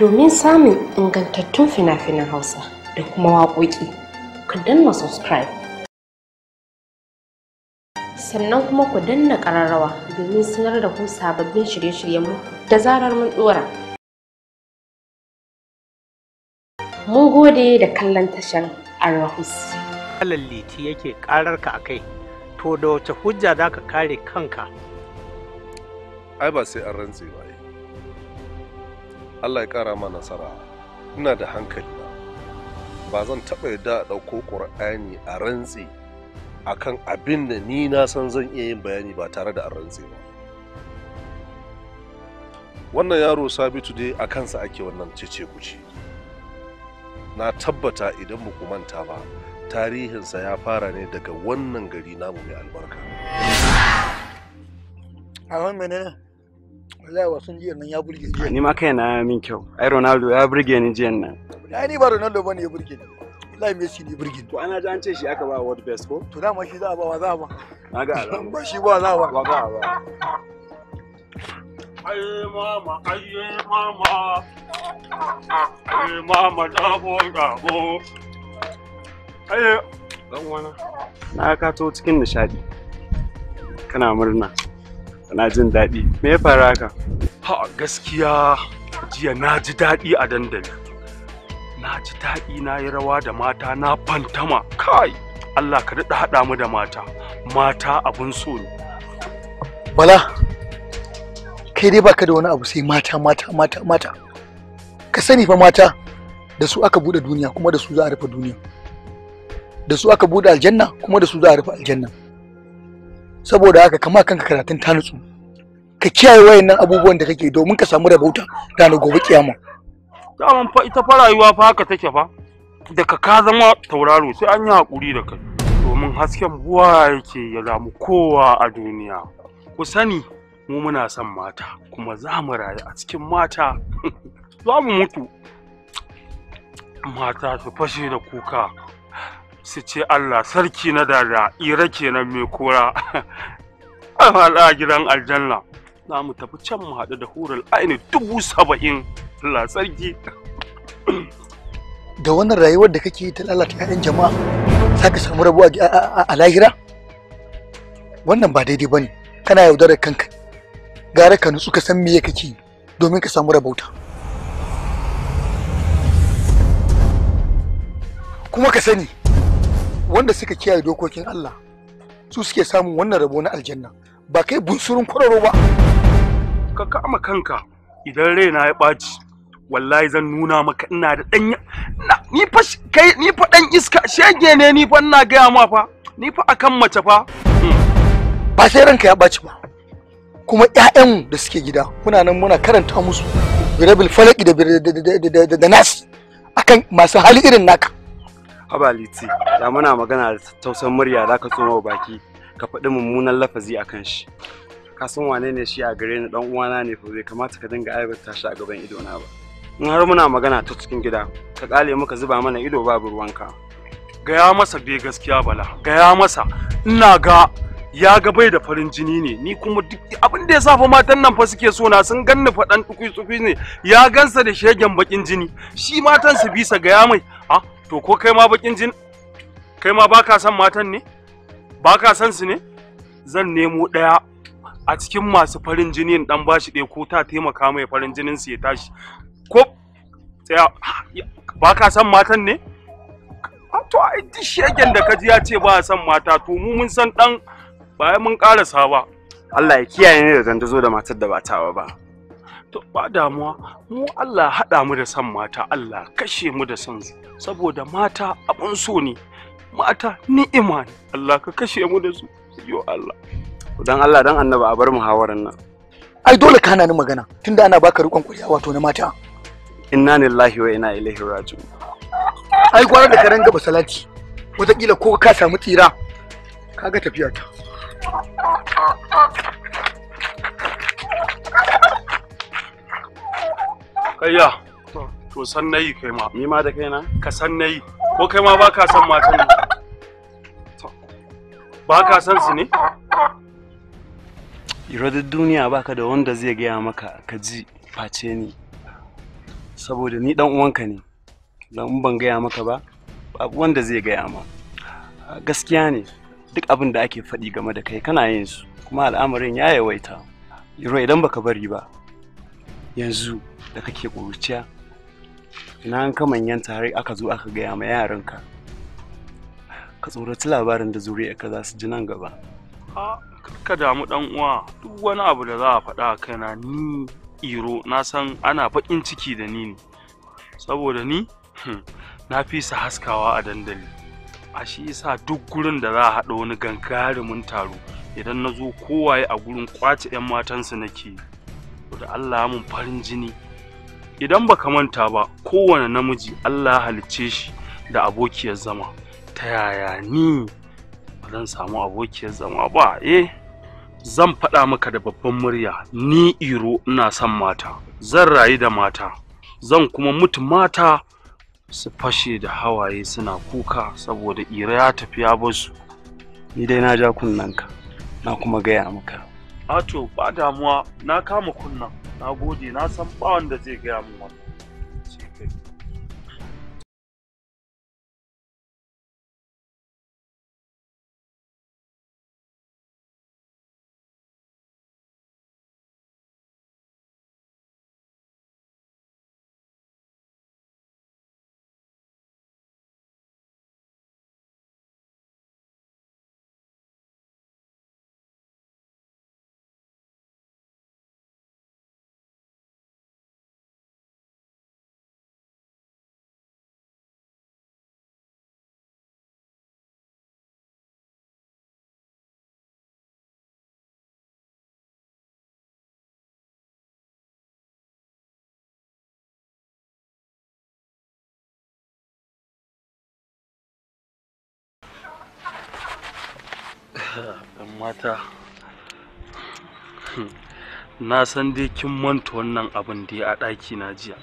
domin samun ingantattun fina-finan Hausa da kuma waƙoƙi, ku danna subscribe. Sannan kuma ku danna ƙararrawa domin sanar da ku sababbin shirye-shiryenmu da zarar mun ɗora. Mun gode da kallon tashar Arahus. Kalan liti yake ƙarar ka a kai, to da wace hujja za ka kare kanka? Ai ba sai an rantse ba. Allah ya ƙara ma nasara ina da hankali na ba zan taɓa yarda a ɗauko ƙur'ani a rantse akan abin da ni na san zan iya yin bayani ba tare da an rantse ba wannan yaro sabitu dai a kansa ake wannan cece kuce na tabbata idan mu ku manta ba tarihinsa ya fara ne daga wannan gari namu mai albarka a wani wallahi wasan jiyan nan ya burge ni ni ma kaina ya min kyau ai Ronaldo ya burge ni jiyan nan ai ni ba Ronaldo bane ya burge ni wallahi Messi ne burge ni to ana ji an ce shi aka ba world best ko to dama shi za a ba wa za a ba na ga alamu ba shi ba za a ba ba ba Aye mama, aye mama, aye mama dabo dabo. Aye, dan wana. Na ka to cikin nishadi. Kana murna. na jin daɗi me ya faru haka ha gaskiya jiya na ji daɗi a dandali na ji daɗi na yi rawa da mata na fantama kai Allah ka daɗa haɗa mu da mata mata abun so ne bala kai dai baka da wani abu sai mata mata mata mata ka sani fa mata da su aka buɗe duniya kuma da su za a rufe duniya da su aka buɗe aljanna kuma da su za a rufe aljanna saboda haka kama kanka karatun ta nutsu ka kiyaye wayannan abubuwan da kake domin ka samu rabauta na gobe kiyama daman fa ita fa rayuwa fa haka take fa daga ka zama tauraro sai an yi hakuri da kai domin hasken buwa yake ya zamu kowa a duniya ku sani mu muna son mata kuma za mu rayu a cikin mata za mu mutu mata su fashe da kuka su ce Allah sarki na dada ira kenan mai kora a gidan aljanna za mu tafi can mu haɗu da hurar aini dubu saba'in Allah sarki da wannan rayuwar da kake ta lalata 'ya'yan jama'a za ka samu rabuwa a lahira wannan ba daidai ba ne kana yaudarar kanka gara ka nutsu ka san me kake domin ka samu rabauta kuma ka sani wanda suka kiyaye dokokin Allah su suke samun wannan rabo na aljanna ba kai bunsurin kwararo ba ka kama kanka idan raina ya ɓaci wallahi zan nuna maka ina da ɗan ni fa kai ni fa dan iska shege ne ni fa ina gaya ma fa ni fa akan mace fa ba sai ranka ya ɓaci ba kuma ƴaƴanmu da suke gida muna nan muna karanta musu birabil falaki da da nas akan masu hali irin naka habaliti da muna magana da tattausan murya za ka tsoma baki ka faɗi mummunan lafazi a kan shi ka san wane ne shi a gare ni dan uwana ne fa bai kamata ka dinga aibata shi a gaban idona ba in har muna magana ta cikin gida ka kale muka zuba mana ido babu ruwanka gaya masa dai gaskiya bala gaya masa ina ga ya ga bai da farin jini ne ni kuma duk abin da ya sa fa matan nan fa suke so na sun ganni fa dan tukui ne ya gansa da shegen bakin jini shi matan su bisa gaya mai ha ah, to ko kai ma bakin jin kai ma baka son matan ne baka son su ne zan nemo ɗaya a cikin masu farin jini in dan bashi ɗaya ko ta taimaka mai farin jinin su ya tashi ko tsaya baka son matan ne to ai duk shegen da kaji ya ce ba son mata to mu mun san dan ba mun karasa ba Allah ya kiyaye ni da zan zo da matar da ba ta ba To ba damuwa, mu Allah haɗa mu da san mata, Allah kashe mu da san su, saboda mata abun so ne, mata ni'ima ne, Allah ka kashe mu da su, yo Allah. Dan Allah dan annaba a bar muhawarar nan. Ai dole ka hana ni magana, tunda ana baka rikon kuriya wato na mata. Inna lillahi wa inna ilaihi raji'un. Ai gwara da karen ba salati, wataƙila ko ka samu tsira, kaga tafiya ta. Kayya. To san nayi kai ma. Ni ma da kaina? Ka san nayi. Ko kai ma baka san matan ne? Baka san su ne? Iradar duniya baka da wanda zai gaya maka ka ji face ni. Saboda ni dan uwanka ne. Dan ban gaya maka ba, babu wanda zai gaya ma. Gaskiya ne, duk abin da ake faɗi game da kai kana yin su, kuma al'amarin ya yawaita. Iro idan baka bari ba, yanzu da kake ƙuruciya ina an ka manyan tare aka zo aka gaya ma yaranka ka tsoraci labarin da zuriyarka za su ji nan gaba ka damu dan uwa duk wani abu da za a faɗa a kaina ni iro na san ana baƙin ciki da ni ne saboda ni hmm, na fi su haskawa a dandali a shi yasa duk gurin da za a haɗa wani gangarumin taro idan na zo kowaye a gurin kwace 'yan matansu nake da Allah mun farin jini idan baka manta ba kowane namiji Allah ya halicce shi da abokiyar zama ta yaya ni ba zan samu abokiyar zama ba eh zan faɗa maka da babban murya ni iro ina son mata zan rayu da mata zan kuma mutu mata su fashe da hawaye suna kuka saboda ira ya tafi ya basu ni dai na ja kunnanka na kuma gaya maka ato ba damuwa na kama kunnan na gode na san ba wanda zai gaya min wannan ɗan mata na san dai kin manta wannan abin da ya a ɗaki na jiya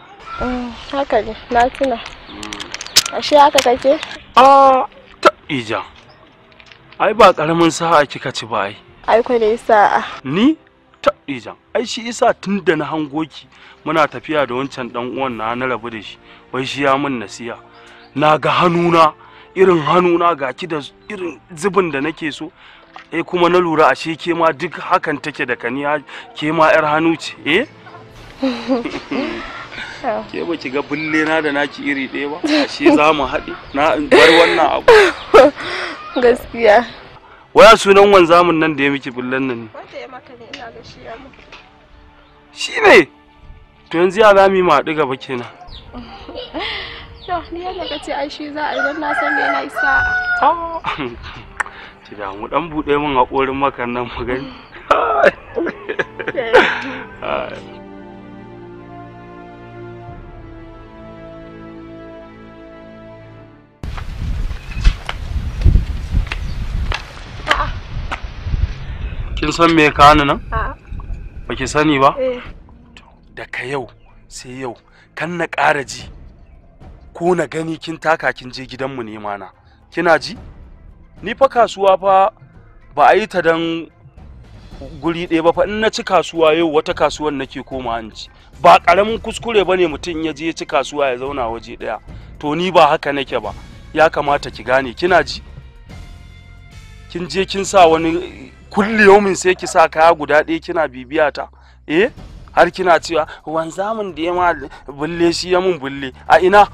mm, haka ne na tuna mm. ashe haka kake a ta ija ai ba ƙaramin sa'a kika ci ba ai ai ku ne sa'a ni ta ija ai shi isa tun da na hango ki muna tafiya da wancan ɗan uwan na na rabu da shi wai shi ya min nasiya na ga hannuna irin hannuna ga ki da irin zubin da nake so eh kuma na lura ashe ke ma duk hakan take da kani ke ma yar hannu ce eh ke ba ki ga bulle na da naki iri ɗaya ba ashe za mu haɗe na bar wannan abu gaskiya waya sunan zamun nan da ya miki bullen nan ne wanda ya maka ne ina ga shi ya shi ne to yanzu ya zami ma haɗu ba kenan to ni yadda ka ce ai shi za a yi na san me na isa ki da mu dan bude min hakorin makan nan mu gani kin san me ka ni nan ba ki sani ba eh. daga yau sai yau kan na ƙara ji ko na gani kin taka kin je gidanmu ne mana kina ji ni fa kasuwa fa ba a yi ta don guri ɗaya ba fa in na ci kasuwa yau wata kasuwar nake koma hanci ci ba ƙaramin kuskure ba ne mutum ya je ya ci kasuwa ya zauna waje ɗaya to ni ba haka nake ba ya kamata ki gane kina ji kin je kin sa wani kulle yaumin sai ki sa kaya guda ɗaya kina bibiya ta eh har kina cewa wanzamin da ya ma bulle shi ya mun bulle a ina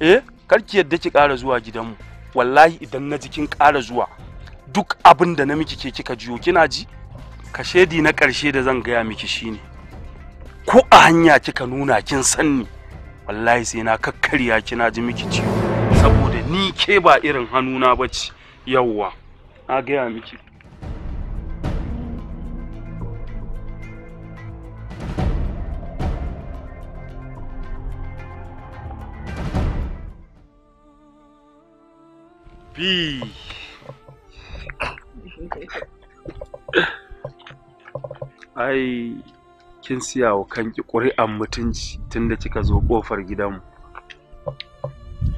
eh kar ki yadda ki ƙara zuwa gidanmu wallahi idan na jikin ƙara zuwa duk abin da na miki ke kika jiyo kina ji kashedi na ƙarshe da zan gaya miki shine ko a hanya kika nuna kin sanni wallahi sai na kakkarya kina ji miki ciwo saboda ni ke ba irin hannuna bace yawwa na gaya miki ai kin siya wa kanki ƙuri'an mutunci da kika zo ƙofar gidanmu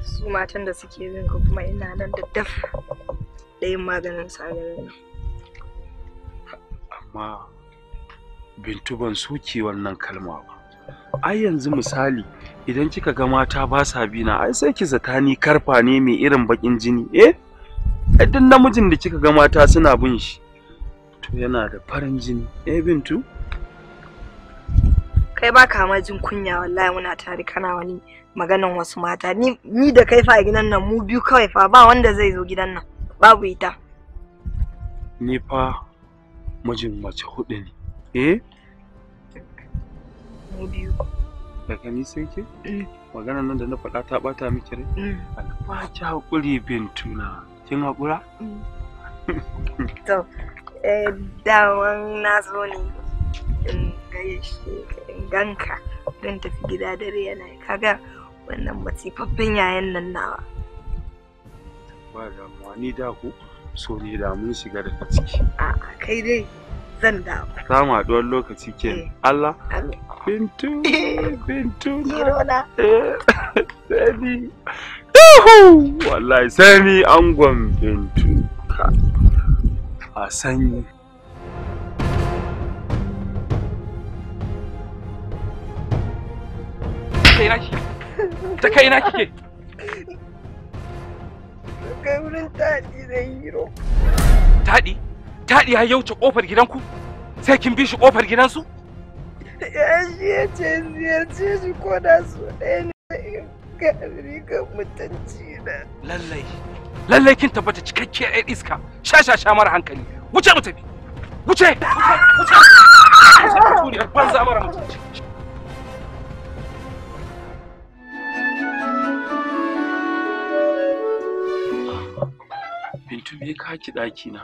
su matan da suke bin ka kuma ina nan da daf ɗayin maganin sagarin amma bintu ban suke wannan kalma ba ai yanzu misali idan kika ga mata ba sa bina ai sai ki zata ni karfa ne mai irin bakin jini eh duk namijin da kika ga mata suna bin shi to yana da farin jini eh bintu kai ba ka majin jin kunya wallahi muna tare kana wani maganan wasu mata ni ni da kai fa a gidan nan mu biyu kawai fa ba wanda zai zo gidan nan babu ita ni fa mijin mace hudu ne eh mu biyu daga ni sai mm. maganar nan da na faɗa ta ɓata miki rai mm. ba ki haƙuri bintuna kin haƙura mm. to eh, daman na zo ne in ganka don tafi gida dare yana kaga wannan matifaffin yayan nan nawa ba damuwa ni da ku so ne da shiga daga ciki a'a kai dai zan dawo samu haduwar lokaci ke eh. Allah bintu eh. bintu Irona. Eh, sani wallahi sani angon bintu a sanyi ta kai na kike kai wurin taɗi da hiro taɗi taɗi ya yauce ƙofar gidanku sai kin bi shi ƙofar gidansu? Ya shi ya ce ziyarce shi ko da su ɗaya ne gari ga mutunci na. Lallai, lallai kin tabbata cikakkiyar 'yar iska sha sha sha mara hankali wuce mu tafi wuce wuce wuce banza mara mutunci. Bintu me ka ki ɗaki na?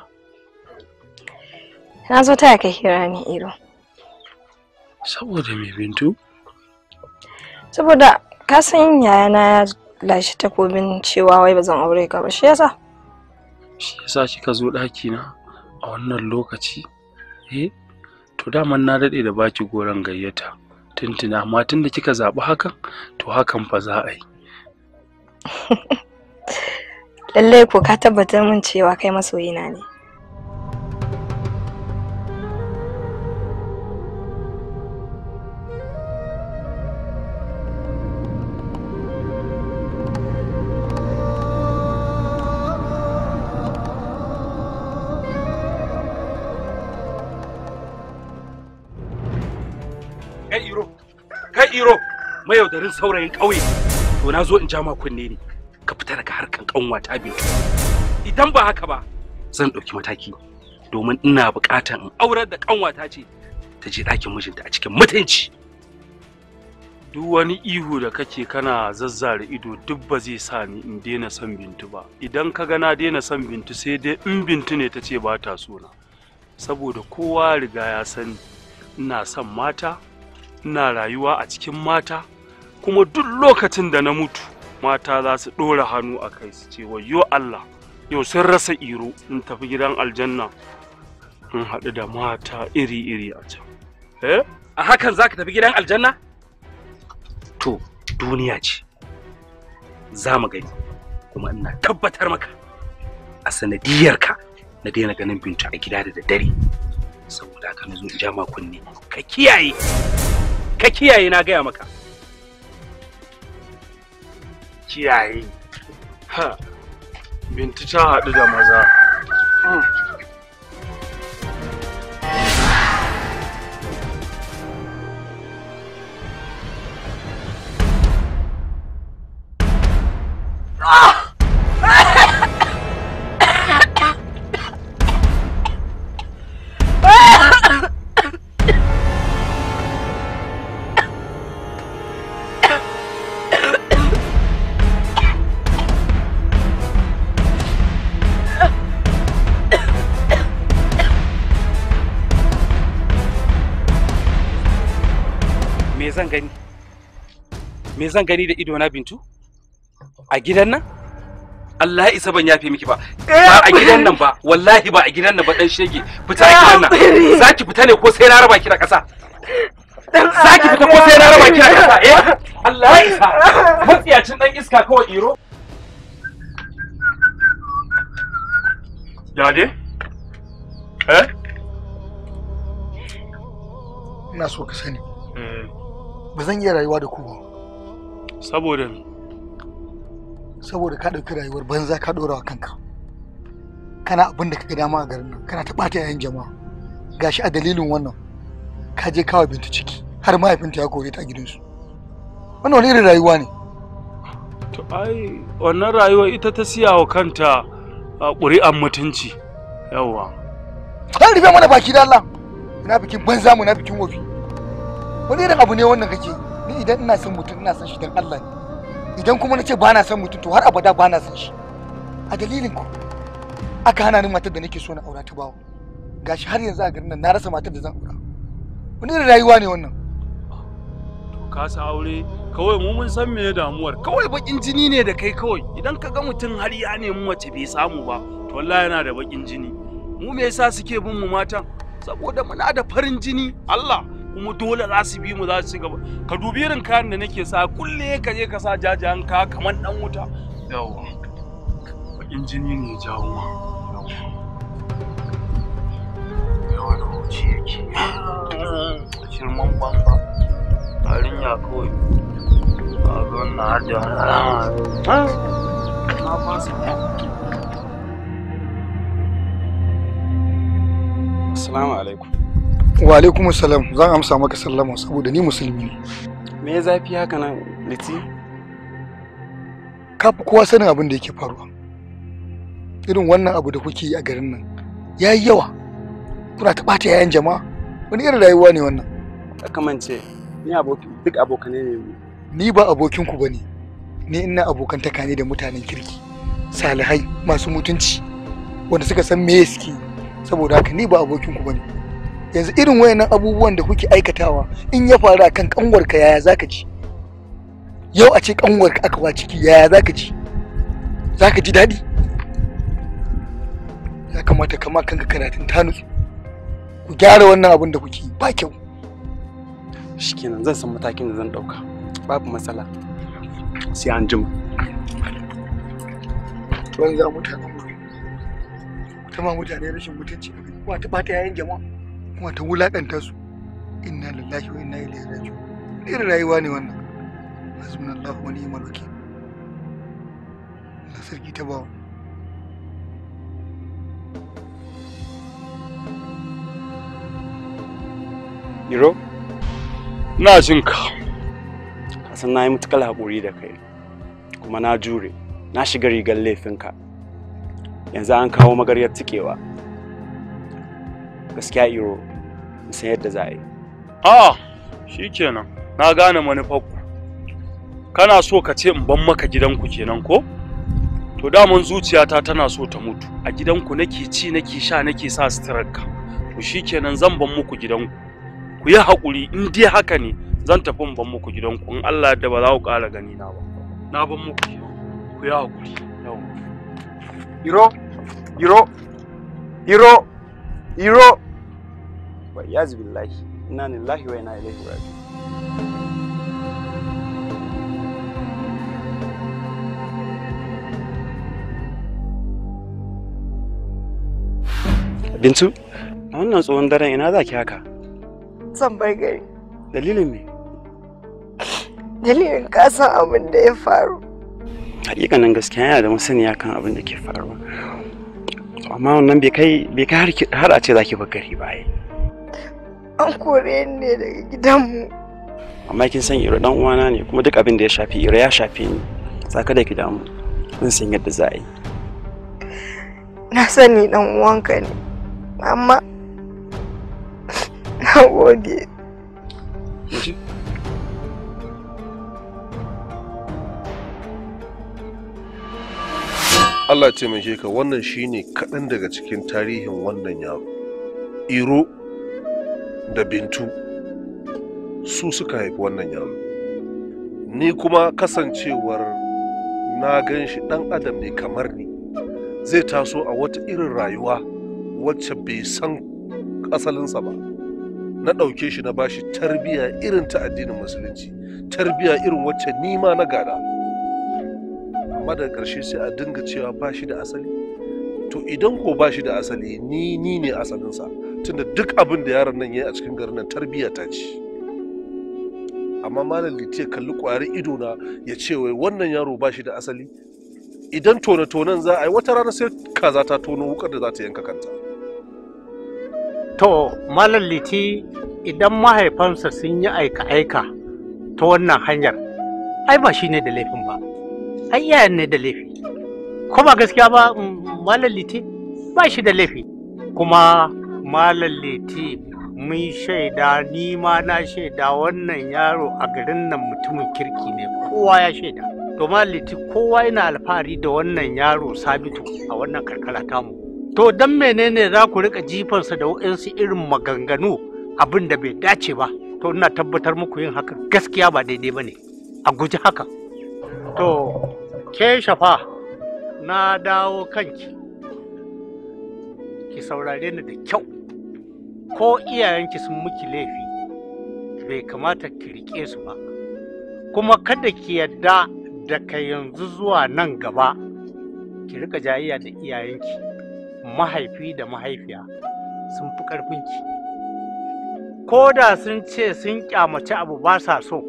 Na zo ta ka kira ni Iro. Saboda me Bintu? Saboda ka san yayana ya lashi takobin cewa wai bazan aure ka ba shi yasa. Shi yasa kika zo ɗaki na a wannan lokaci? Eh, to daman na daɗe da baki goran gayyata. Tuntuna amma tunda kika zaɓi hakan to hakan fa za a yi. Lallai ko ka tabbatar min cewa kai masoyina ne. iro mayaudarin saurayin ƙauye to na zo in ja kunne ne ka fita daga harkan ƙanwa ta biyu idan ba haka ba zan ɗauki mataki domin ina buƙatar in aurar da ƙanwata ce ta je ɗakin mijinta a cikin mutunci duk wani ihu da kake kana zazzare ido duk ba zai sa ni in daina son bintu ba idan ka ga na daina son bintu sai dai in bintu ne ta ce ba ta na saboda kowa riga ya sani ina son mata ina rayuwa a cikin mata kuma duk lokacin da na mutu mata za su ɗora hannu a kai su ce wayo Allah yau sun rasa iro in tafi gidan aljanna in haɗu da mata iri-iri a can. Eh? A hakan za ka tafi gidan aljanna? To, duniya ce, za mu gani, kuma ina tabbatar maka a ka na daina ganin bintu a gida da daddare. Saboda haka na zo in kunne ka kiyaye. ka kiyaye na gaya maka kiyaye ha binti ta haɗu da maza hmm. me zan gani da ido na bintu a gidan nan Allah isa ban yafe miki ba ba a gidan nan ba wallahi ba a gidan nan ba dan shege fita a gidan nan zaki fita ne ko sai na raba ki da kasa zaki fita ko sai na raba ki da ƙasa eh Allah isa matsiyacin dan iska kawai iro Dade? Eh? Ina so ka sani. Hmm. Ba zan iya rayuwa da ku ba. saboda saboda ka ɗauki rayuwar banza ka ɗora wa kanka kana abin da kaga dama a garin nan kana ta ɓata yayin jama'a gashi a dalilin wannan ka je kawo bintu ciki har mahaifinta ya kore ta gidansu wannan wani irin rayuwa ne to ai wannan rayuwa ita ta siya wa kanta a ƙuri'an mutunci yawwa an rufe mana baki da Allah na bikin banza mu na bikin wofi wani irin abu ne wannan kake yi ni idan ina son mutum ina son shi dan Allah ne idan kuma na ce ba na son mutum to har abada ba na son shi a dalilin ku aka hana ni matar da nake so na aura ta bawo gashi har yanzu a garin nan na rasa matar da zan aura wani da rayuwa ne wannan to ka sa aure kawai mu mun san meye damuwar kawai bakin jini ne da kai kawai idan ka ga mutum har ya nemi mace bai samu ba to wallahi yana da bakin jini mu me yasa suke bin mu matan saboda muna da farin jini Allah kuma dole za su bi mu za su ci gaba ka dubi irin kayan da nake sa kulle ka je ka sa jajayen ka kamar dan wuta yawa bakin jini ne ya jawo ma yawa da wuce yake a shirman bamba tarin ya kawai a zo na hajji na fasa Assalamu alaikum. wa alaikum salam zan amsa maka sallama saboda ni musulmi ne me ya zafi haka nan liti ka fi kowa sanin abin da yake faruwa irin wannan abu da kuke yi a garin nan ya yi yawa kuna ta ɓata yayan jama'a wani irin rayuwa ne wannan kamance ni abokin duk abokane ne ni ba abokin ku bane ni ina abokantaka ne da mutanen kirki salihai masu mutunci wanda suka san me suke saboda haka ni ba abokin ku bane yanzu irin wayannan abubuwan da kuke aikatawa in ya faru kan kanwarka yaya zaka ji yau a ce kanwarka aka wa ciki yaya zaka ji zaka ji daɗi ya kamata kama kanka karatun ta nutsu ku gyara wannan abin da kuke ba kyau shikenan zan san matakin da zan ɗauka babu matsala sai an jima banza mutane mutane rashin mutunci ba ta bata yayin jama'a wata wulaƙanta su inna lillahi wa inna ilaihi raji'un irin rayuwa ne wannan hasbunallahu wa ni'mal wakil na sarki ta bawa Iro, ina jin ka. Kasan na yi matuƙar haƙuri da kai, kuma na jure, na shiga rigar laifinka. Yanzu an kawo magaryar tikewa. Gaskiya Iro, san yadda za a yi ah shikenan na gane manufarku kana so ka ce in ban maka gidanku kenan ko to daman zuciyata tana so ta mutu a gidanku nake ci nake sha nake sa suturarka to shikenan zan ban muku gidanku ku yi haƙuri in dai haka ne zan tafi in ban muku gidanku in Allah yadda ba za ku ƙara gani na ba na ban muku ku yi haƙuri iro iro iro iro wa iyazu billahi inna lillahi wa ina ilaihi raji'un Bintu, a wannan tsohon daren ina za ki haka? Zan bar gari. Dalilin me? Dalilin kasan abin da ya faru. Hakikanin gaskiya yana da masaniya kan abin da ke faruwa. Amma wannan bai kai har a ce za ki bar gari ba an kore ne daga gidanmu amma kin san iro dan uwana ne kuma duk abin da ya shafi iro ya shafi ni saka da gidanmu damu san yadda za a yi na sani dan uwanka ne amma na gode Allah taimake ka wannan shine kaɗan daga cikin tarihin wannan yaro. Iro da bintu su suka haifi wannan yaro ni kuma kasancewar na gan shi ɗan adam ne kamar ni zai taso a wata irin rayuwa wacce bai san asalinsa ba na ɗauke shi na bashi tarbiya irin ta addinin musulunci tarbiya irin wacce ni ma na gada amma daga ƙarshe sai a dinga cewa ba shi da asali to idan ko ba shi da asali ni ni ne asalinsa tunda duk abin da yaron nan ya yi a cikin garin nan tarbiyya ta ci amma malam liti ya kalli kwari ido na ya ce wai wannan yaro ba shi da asali idan tone-tonen za a yi wata rana sai kaza ta tono wukar da za ta yanka kanta to malam liti idan mahaifansa sun yi aika-aika ta wannan hanyar ai ba shi ne da laifin ba ai iyayen ne da laifi ko ba gaskiya ba malam liti ba shi da laifi kuma malam leti mun shaida ni ma na shaida wannan yaro a garin nan mutumin kirki ne kowa ya shaida to malam leti kowa yana alfahari da wannan yaro sabitu a wannan karkara tamu to dan menene za ku rika jifansa da wa'ansu irin maganganu abin da bai dace ba to ina tabbatar muku yin haka gaskiya ba daidai ba ne a guji haka to ke shafa na dawo kanki ki saurare ni da kyau ko iyayenki sun miki laifi bai kamata ki riƙe su ba kuma kada ki yadda daga yanzu zuwa nan gaba ki rika jayayya da iyayenki mahaifi da mahaifiya sun fi ƙarfinki ko da sun ce sun kyamaci abu ba sa so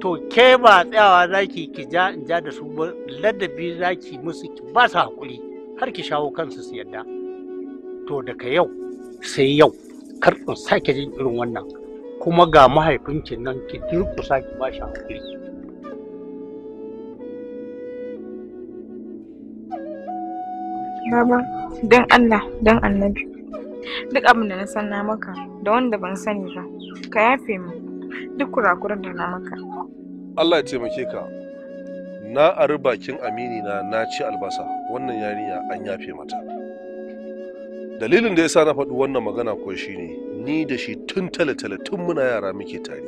to ke ba tsayawa za ki ki ja da su ba ladabi za ki musu ki ba su haƙuri har ki shawo kansu su yadda to daga yau sai yau kar in sake jin irin wannan kuma ga mahaifinki nan ki durƙusa ki ba shi hankali Baba, don Allah, don annabi, duk abin da na san na maka da wanda ban sani ba, ka yafe mu duk kurakuran da na maka. Allah ya taimake ka, na ari bakin amini na na ci albasa, wannan yarinya an yafe mata. dalilin da ya sa na faɗi wannan magana ko shi ne ni da shi tun tale-tale tun muna yara muke tare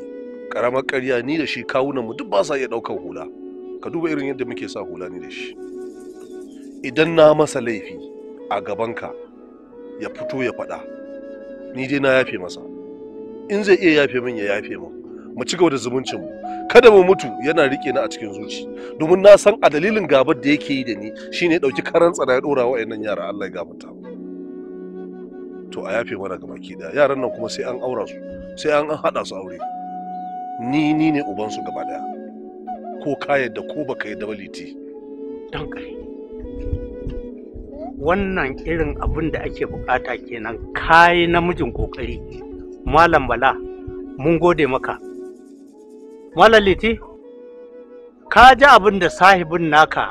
ƙaramar karya ni da shi kawunan mu duk ba sa iya ɗaukar hula ka duba irin yadda muke sa hula ni da shi idan na masa laifi a gabanka ya fito ya faɗa ni dai na yafe masa in zai iya yafe min ya yafe min mu ci gaba da zumuncin mu kada mu mutu yana rike ni a cikin zuci domin na san a dalilin gabar da yake yi da ni shine ya ɗauki karan tsana ya ɗora wa'annan yara Allah ya gafarta mu to a yafe mana ga baki daya yaran nan kuma sai an aura su sai an haɗa su aure ni ni ne uban su gaba daya ko ka yadda ko baka yadda ba liti dan kai wannan irin abin da ake bukata kenan kayi namijin kokari malam bala mun gode maka malam liti ka ji abin da sahibin naka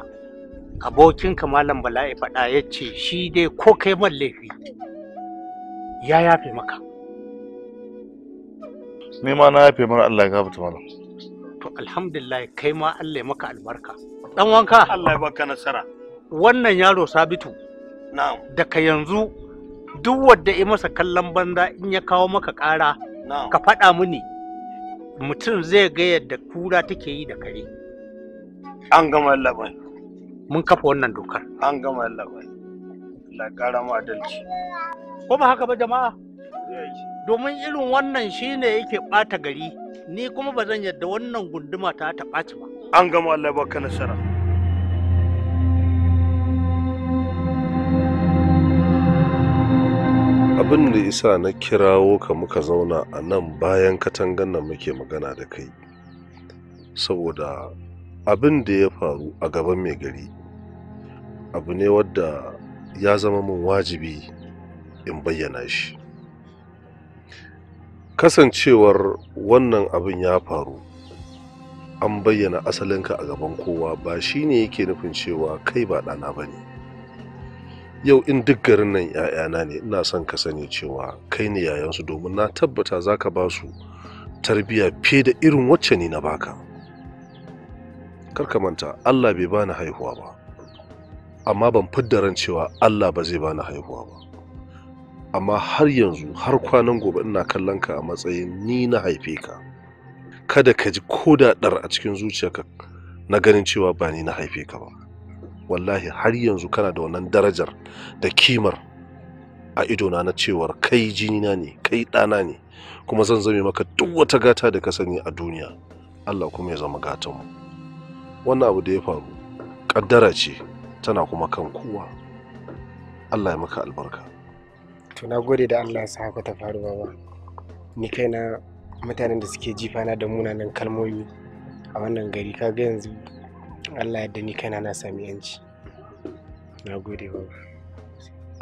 abokinka malam bala ya faɗa ya ce shi dai ko kai man laifi ya yafe maka ne ma na yafe mara Allah ya gafarta mana to alhamdulillah kai ma Allah ya maka albarka dan wanka Allah ya baka nasara wannan yaro sabitu na'am daga yanzu duk wanda ya masa kallon banza in ya kawo maka ƙara ka faɗa mini mutum zai ga yadda kura take yi da kare an gama labai mun kafa wannan dokar an gama Allah labai Allah ƙara adalci. Ko ba haka ba jama'a? Domin irin wannan shine yake ɓata gari, ni kuma ba zan yadda wannan gunduma ta ta ɓaci ba. An gama Allah baka nasara. Abin da isa na kirawo ka muka zauna a nan bayan katangan nan muke magana da kai. Saboda abin da ya faru a gaban mai gari abu ne wadda ya zama min wajibi in bayyana shi kasancewar wannan abin ya faru an bayyana asalinka a gaban kowa ba shi ne yake nufin cewa kai ba ɗana ba ne yau in duk garin nan ‘ya'yana ne ina son ka sani cewa kai ne yayansu domin na tabbata za ka ba su tarbiyya fiye da irin wacce ne na baka karka manta allah bai bani haihuwa ba amma ban fidda ran cewa Allah ba zai bani haihuwa ba amma har yanzu har kwanan gobe ina kallon ka a matsayin ni na haife ka kada ka ji ko da a cikin zuciyarka na ganin cewa ba ni na haife ka ba wallahi har yanzu kana da wannan darajar da kimar a idona na cewar kai jinina ne kai ɗana ne kuma zan zame maka duk wata gata da ka sani a duniya Allah kuma ya zama gatanmu wannan abu da ya faru ƙaddara ce tana kuma kan kowa Allah ya maka albarka to na gode da Allah sa haka ta faru baba ni kaina mutanen da suke jifana da munanan kalmomi a wannan gari kaga yanzu Allah yadda ni kaina na sami yanci na gode baba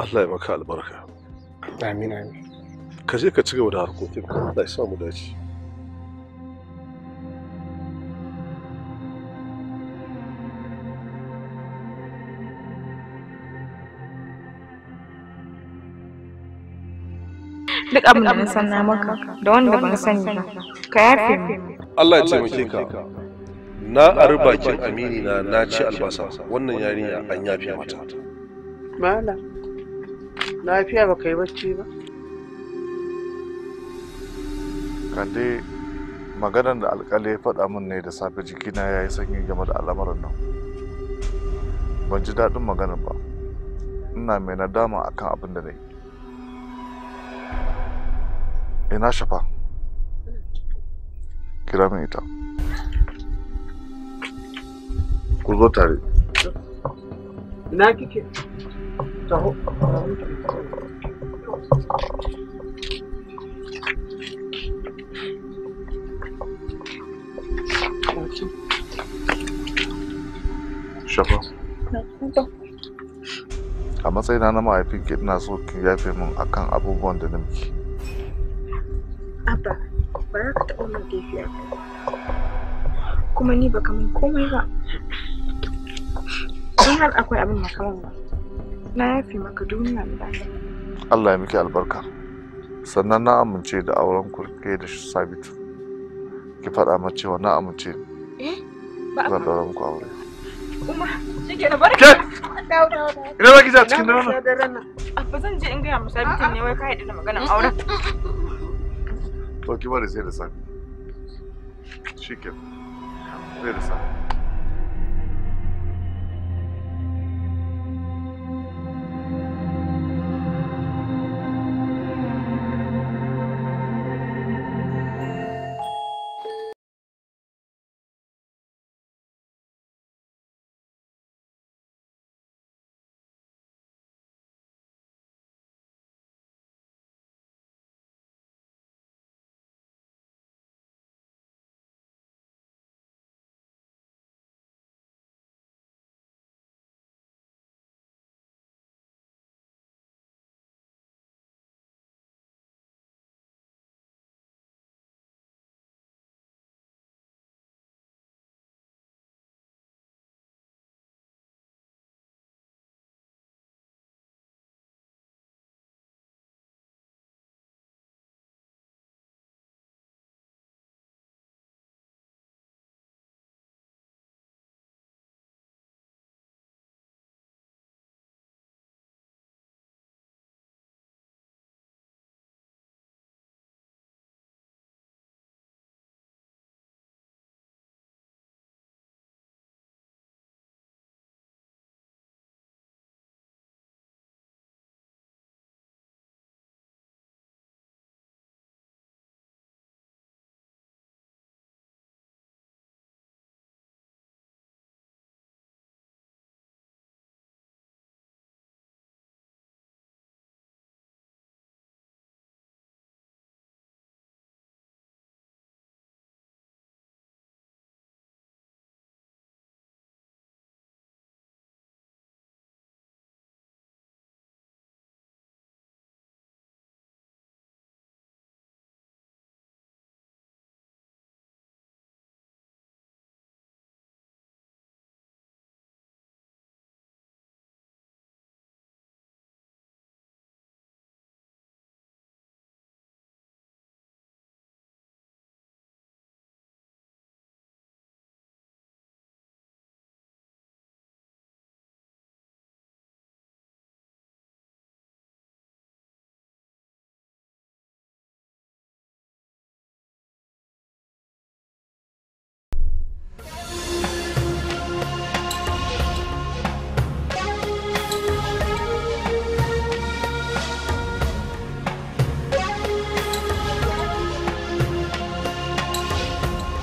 Allah ya maka albarka amin amin ka je ka ci gaba da harkokin Allah ya sa mu dace duk abin da na san na maka da wanda ban sani ba ka yafe mu Allah ya taimake ka na ari bakin amini na na ci albasa wannan yarinya an yafe mata mala lafiya ba kai bacci ba kande maganar da alkali ya faɗa min ne da safe jikina ya yi sanyi game da al'amarin nan ban ji daɗin maganar ba ina mai nadama akan abin da na yi ina shafa kira min ita ku zo tare shafa a matsayina na mahaifin ina so ki yafe min akan abubuwan da na miki ba za ka taɓa kuma ni baka min komai ba in har akwai abin makaman na maka duniya da Allah ya miki albarka sannan na amince da auren kurke da sabitu ki faɗa ma cewa na amince eh ba a aure kuma shike na barka Ina ba ki za cikin nan? ba zan je in gaya musabitin ne wai ka haɗu da maganar auren. Mm, mm, mm, Look, what is it? It's like chicken. Wait